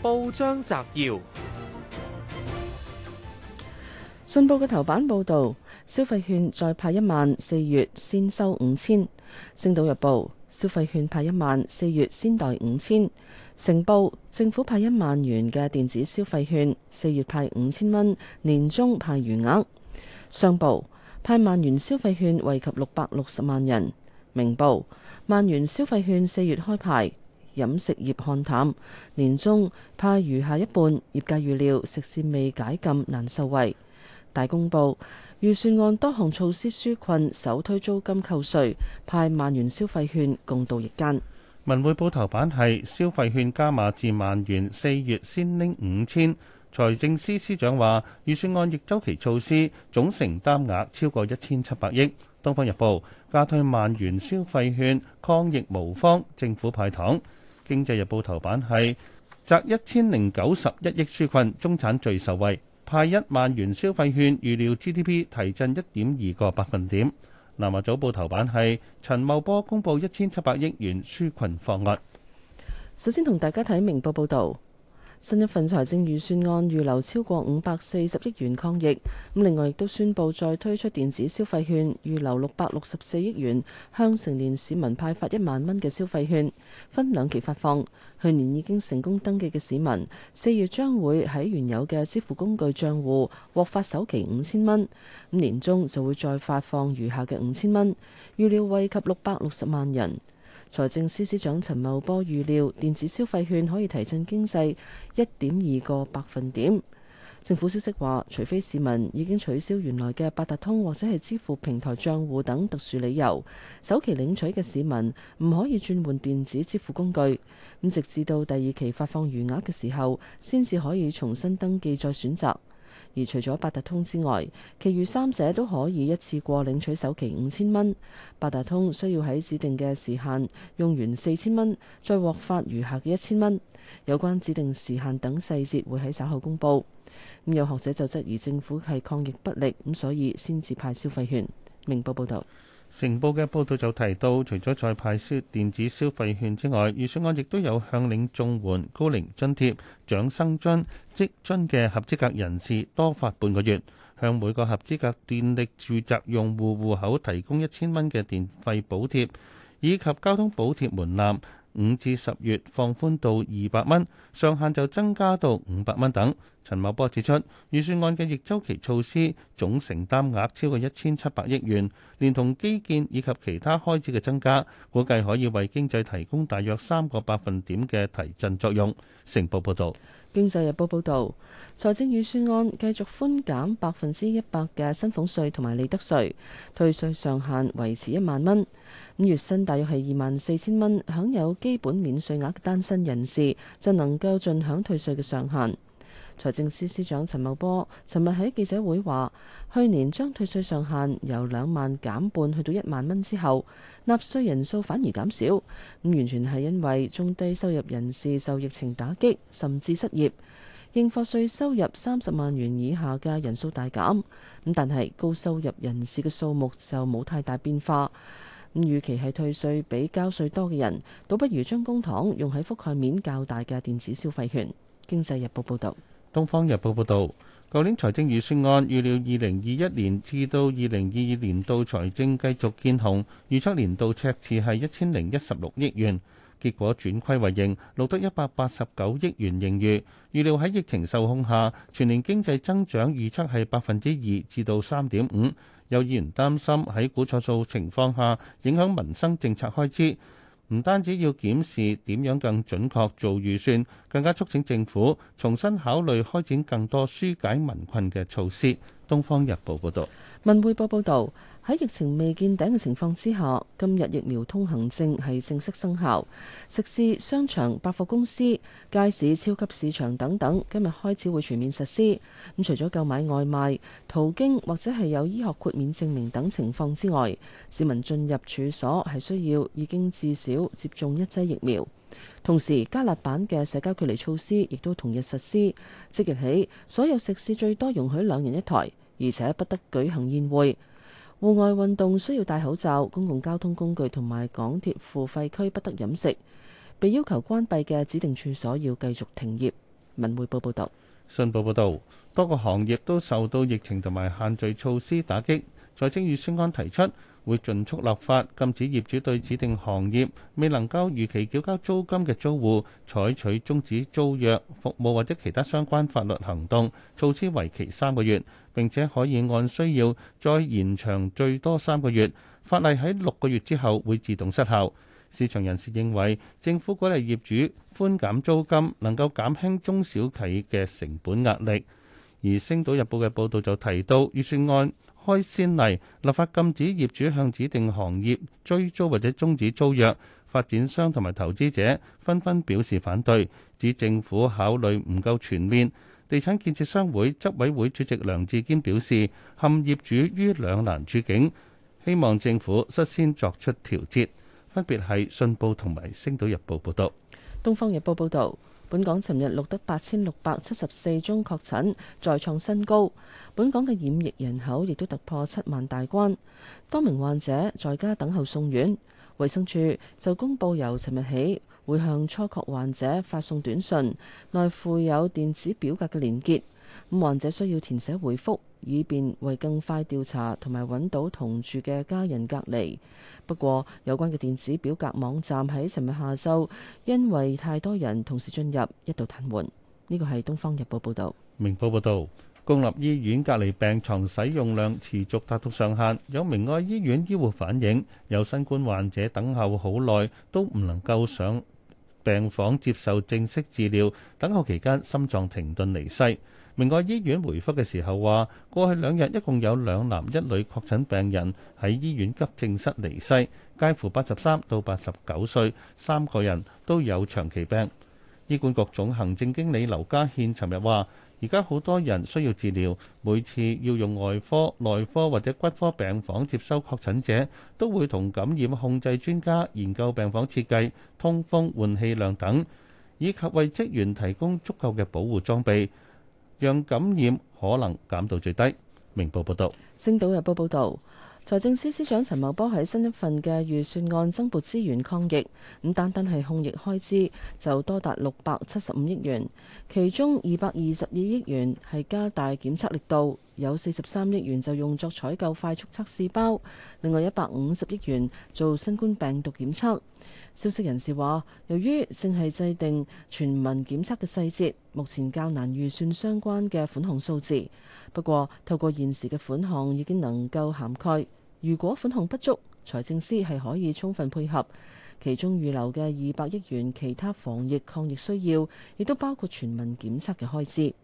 報章摘要：信報嘅頭版報道，消費券再派一萬，四月先收五千。星島日報：消費券派一萬，四月先袋五千。成報：政府派一萬元嘅電子消費券，四月派五千蚊，年中派餘額。商報：派萬元消費券惠及六百六十萬人。明報：萬元消費券四月開牌。飲食業看淡，年終派餘下一半。業界預料食肆未解禁難受惠。大公報預算案多項措施紓困，首推租金扣稅、派萬元消費券共渡疫間。文匯報頭版係消費券加碼至萬元，四月先拎五千。財政司司長話預算案逆周期措施總承擔額超過一千七百億。《東方日報》加推萬元消費券抗疫無方，政府派糖。《經濟日報》頭版係摘一千零九十一億，紓困中產最受惠，派一萬元消費券，預料 GDP 提振一點二個百分點。《南華早報》頭版係陳茂波公布一千七百億元紓困方案。首先同大家睇明報報導。新一份財政預算案預留超過五百四十億元抗疫，咁另外亦都宣布再推出電子消費券，預留六百六十四億元，向成年市民派發一萬蚊嘅消費券，分兩期發放。去年已經成功登記嘅市民，四月將會喺原有嘅支付工具賬戶獲發首期五千蚊，咁年中就會再發放餘下嘅五千蚊，預料惠及六百六十萬人。財政司司長陳茂波預料，電子消費券可以提振經濟一點二個百分點。政府消息話，除非市民已經取消原來嘅八達通或者係支付平台賬戶等特殊理由，首期領取嘅市民唔可以轉換電子支付工具，咁直至到第二期發放餘額嘅時候，先至可以重新登記再選擇。而除咗八達通之外，其餘三者都可以一次過領取首期五千蚊。八達通需要喺指定嘅時限用完四千蚊，再獲發餘下嘅一千蚊。有關指定時限等細節會喺稍後公布。咁有學者就質疑政府係抗疫不力，咁所以先至派消費券。明報報導。成報嘅報道就提到，除咗再派消電子消費券之外，預算案亦都有向領綜援、高齡津貼、長生津、職津嘅合資格人士多發半個月，向每個合資格電力住宅用戶戶口提供一千蚊嘅電費補貼，以及交通補貼門檻。五至十月放寬到二百蚊，上限就增加到五百蚊等。陳茂波指出，預算案嘅逆周期措施總承擔額超過一千七百億元，連同基建以及其他開支嘅增加，估計可以為經濟提供大約三個百分點嘅提振作用。成報報道。經濟日報報道，財政預算案繼續寬減百分之一百嘅薪俸稅同埋利得稅，退稅上限維持一萬蚊。咁月薪大約係二萬四千蚊，享有基本免稅額嘅單身人士就能夠盡享退稅嘅上限。財政司司長陳茂波尋日喺記者會話：去年將退稅上限由兩萬減半去到一萬蚊之後，納稅人數反而減少咁，完全係因為中低收入人士受疫情打擊，甚至失業，應課稅收入三十萬元以下嘅人數大減咁，但係高收入人士嘅數目就冇太大變化咁。與其係退稅比交稅多嘅人，倒不如將公帑用喺覆蓋面較大嘅電子消費券。經濟日報報導。《東方日報》報導，舊年財政預算案預料二零二一年至到二零二二年度財政繼續見紅，預測年度赤字係一千零一十六億元，結果轉虧為盈，錄得一百八十九億元盈餘。預料喺疫情受控下，全年經濟增長預測係百分之二至到三點五。有議員擔心喺估錯數情況下，影響民生政策開支。唔單止要檢視點樣更準確做預算，更加促請政府重新考慮開展更多疏解民困嘅措施。《東方日報》報導。文匯報報道，喺疫情未見頂嘅情況之下，今日疫苗通行證係正式生效。食肆、商場、百貨公司、街市、超級市場等等，今日開始會全面實施。咁除咗購買外賣、途經或者係有醫學豁免證明等情況之外，市民進入處所係需要已經至少接種一劑疫苗。同時，加辣版嘅社交距離措施亦都同日實施。即日起，所有食肆最多容許兩人一台。而且不得舉行宴會，戶外運動需要戴口罩，公共交通工具同埋港鐵付費區不得飲食。被要求關閉嘅指定處所要繼續停業。文匯報報導，信報報導，多個行業都受到疫情同埋限聚措施打擊。財政預算案提出，會盡速立法禁止業主對指定行業未能夠如期繳交租金嘅租戶採取終止租約服務或者其他相關法律行動，措施為期三個月，並且可以按需要再延長最多三個月。法例喺六個月之後會自動失效。市場人士認為政府鼓勵業主寬減租金，能夠減輕中小企嘅成本壓力。而《星島日報》嘅報導就提到，預算案。開先例，立法禁止業主向指定行業追租或者終止租約，發展商同埋投資者紛紛表示反對，指政府考慮唔夠全面。地產建設商會執委會主席梁志堅表示，陷業主於兩難處境，希望政府率先作出調節。分別係《信報》同埋《星島日報》報道，《東方日報》報道。本港尋日錄得八千六百七十四宗確診，再創新高。本港嘅染疫人口亦都突破七萬大關。多名患者在家等候送院。衛生署就公佈由尋日起，會向初確患者發送短信，內附有電子表格嘅連結。患者需要填寫回覆，以便為更快調查同埋揾到同住嘅家人隔離。不過，有關嘅電子表格網站喺尋日下晝因為太多人同時進入，一度癱瘓。呢個係《東方日報》報導，《明報》報導，公立醫院隔離病床使用量持續達到上限，有明愛醫院醫護反映，有新冠患者等候好耐都唔能夠上病房接受正式治療，等候期間心臟停頓離世。明愛醫院回覆嘅時候話：過去兩日一共有兩男一女確診病人喺醫院急症室離世，介乎八十三到八十九歲，三個人都有長期病。醫管局總行政經理劉家獻尋日話：而家好多人需要治療，每次要用外科、內科或者骨科病房接收確診者，都會同感染控制專家研究病房設計、通風換氣量等，以及為職員提供足夠嘅保護裝備，讓感染可能減到最低。明報報道。《星島日報》報導。財政司司長陳茂波喺新一份嘅預算案增撥資源抗疫，咁單單係控疫開支就多達六百七十五億元，其中二百二十二億元係加大檢測力度，有四十三億元就用作採購快速測試包，另外一百五十億元做新冠病毒檢測。消息人士話，由於正係制定全民檢測嘅細節，目前較難預算相關嘅款項數字，不過透過現時嘅款項已經能夠涵蓋。如果款項不足，財政司係可以充分配合，其中預留嘅二百億元其他防疫抗疫需要，亦都包括全民檢測嘅開支。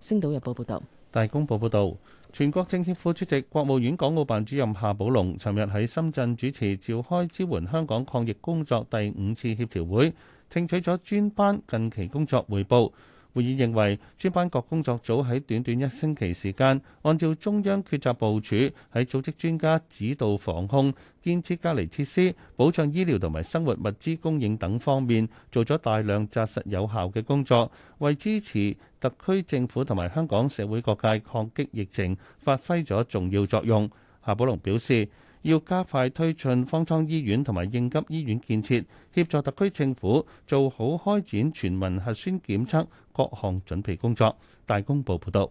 星島日報報道。《大公報》報道，全國政協副主席、國務院港澳辦主任夏寶龍尋日喺深圳主持召開支援香港抗疫工作第五次協調會，聽取咗專班近期工作彙報。會議認為，專班各工作組喺短短一星期時間，按照中央決策部署，喺組織專家指導防控、建設隔離設施、保障醫療同埋生活物資供應等方面，做咗大量紮實有效嘅工作，為支持特區政府同埋香港社會各界抗擊疫情，發揮咗重要作用。夏寶龍表示。要加快推進方艙醫院同埋應急醫院建設，協助特區政府做好開展全民核酸檢測各項準備工作。大公報報道。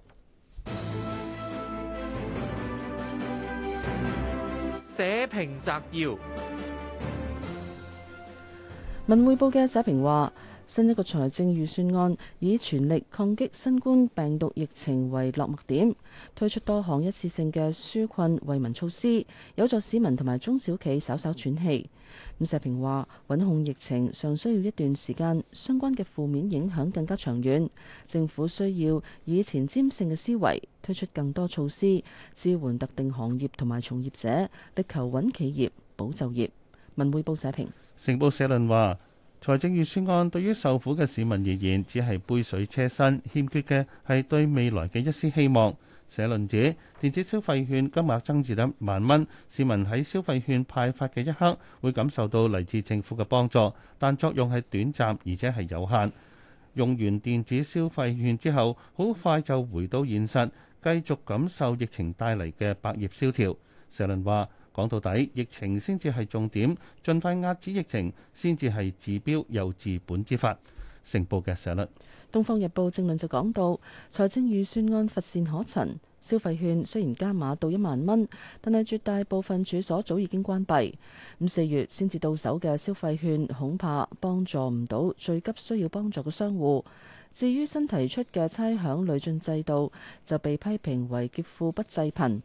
社評摘要：文匯報嘅社評話。新一個財政預算案以全力抗擊新冠病毒疫情為落墨點，推出多項一次性嘅紓困惠民措施，有助市民同埋中小企稍稍喘喘氣。咁社評話，穩控疫情尚需要一段時間，相關嘅負面影響更加長遠，政府需要以前瞻性嘅思維推出更多措施，支援特定行業同埋從業者，力求穩企業、保就業。文匯報社評，成報社論話。財政預算案對於受苦嘅市民而言，只係杯水車薪，欠缺嘅係對未來嘅一絲希望。社論指，電子消費券金額增至兩萬蚊，市民喺消費券派發嘅一刻會感受到嚟自政府嘅幫助，但作用係短暫而且係有限。用完電子消費券之後，好快就回到現實，繼續感受疫情帶嚟嘅百業蕭條。社論話。講到底，疫情先至係重點，盡快壓止疫情先至係治標又治本之法。成報嘅社論，《東方日報》正論就講到，財政預算案乏善可陳，消費券雖然加碼到一萬蚊，但係絕大部分處所早已經關閉。咁四月先至到手嘅消費券，恐怕幫助唔到最急需要幫助嘅商戶。至於新提出嘅差餉累進制度，就被批評為劫富不濟貧。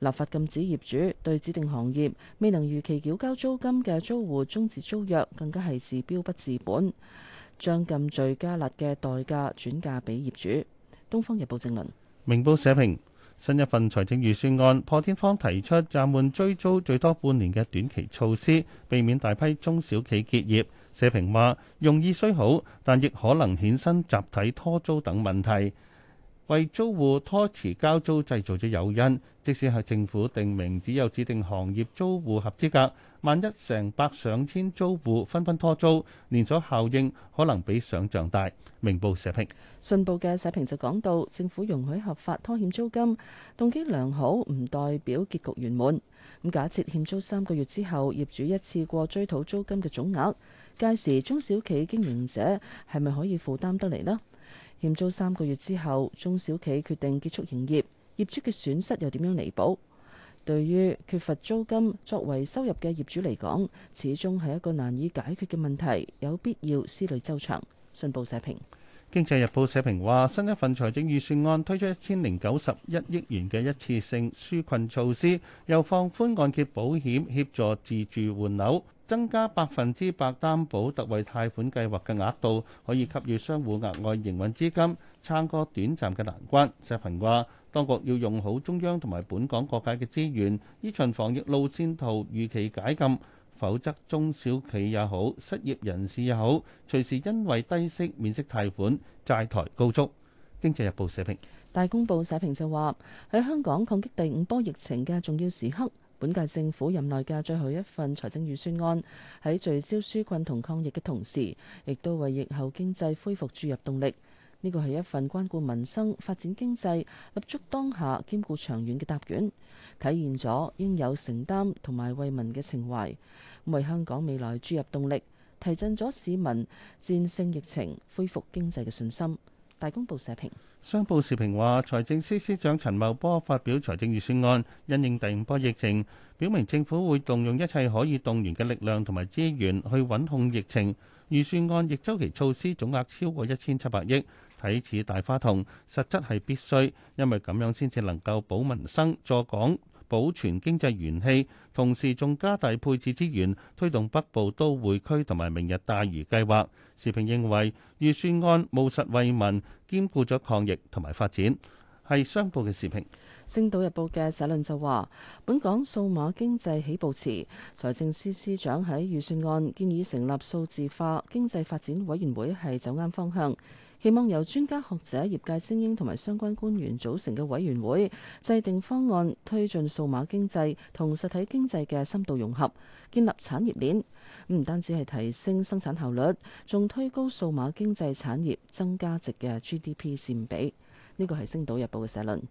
立法禁止業主對指定行業未能如期繳交租金嘅租戶終止租約，更加係治標不治本，將禁稅加辣嘅代價轉嫁俾業主。《東方日報正論》評論，《明報》社評：新一份財政預算案破天荒提出暫緩追租最多半年嘅短期措施，避免大批中小企結業。社評話：用意雖好，但亦可能衍生集體拖租等問題。為租戶拖遲交租製造咗誘因，即使係政府定名，只有指定行業租戶合資格，萬一成百上千租戶紛紛拖租，連鎖效應可能比想像大。明報社評。信報嘅社評就講到，政府容許合法拖欠租金，動機良好，唔代表結局圓滿。咁假設欠租三個月之後，業主一次過追討租金嘅總額，屆時中小企經營者係咪可以負擔得嚟呢？欠租三個月之後，中小企決定結束營業，業主嘅損失又點樣彌補？對於缺乏租金作為收入嘅業主嚟講，始終係一個難以解決嘅問題，有必要思慮周詳。信報社評，《經濟日報》社評話：新一份財政預算案推出一千零九十一億元嘅一次性紓困措施，又放寬按揭保險，協助自住換樓。增加百分之百擔保特惠貸款計劃嘅額度，可以給予商戶額外營運資金，撐過短暫嘅難關，社評話當局要用好中央同埋本港各界嘅資源，依循防疫路綫圖預期解禁，否則中小企也好，失業人士也好，隨時因為低息免息貸款債台高築。經濟日報社評，大公報社評就話，喺香港抗擊第五波疫情嘅重要時刻。本屆政府任內嘅最後一份財政預算案，喺聚焦紓困同抗疫嘅同時，亦都為疫後經濟恢復注入動力。呢個係一份關顧民生、發展經濟、立足當下、兼顧長遠嘅答卷，體現咗應有承擔同埋為民嘅情懷，為香港未來注入動力，提振咗市民戰勝疫情、恢復經濟嘅信心。大公報社評商報時評話：財政司司長陳茂波發表財政預算案，因應第五波疫情，表明政府會動用一切可以動員嘅力量同埋資源去穩控疫情。預算案逆周期措施總額超過一千七百億，睇似大花筒，實質係必須，因為咁樣先至能夠保民生、助港。保存經濟元氣，同時仲加大配置資源，推動北部都會區同埋明日大嶼計劃。時評認為預算案務實為民，兼顧咗抗疫同埋發展。係商報嘅時評，《星島日報》嘅社論就話：本港數碼經濟起步遲，財政司司長喺預算案建議成立數字化經濟發展委員會係走啱方向。期望由專家學者、業界精英同埋相關官員組成嘅委員會，制定方案，推進數碼經濟同實體經濟嘅深度融合，建立產業鏈。唔單止係提升生產效率，仲推高數碼經濟產業增加值嘅 GDP 佔比。呢個係《星島日報》嘅社論。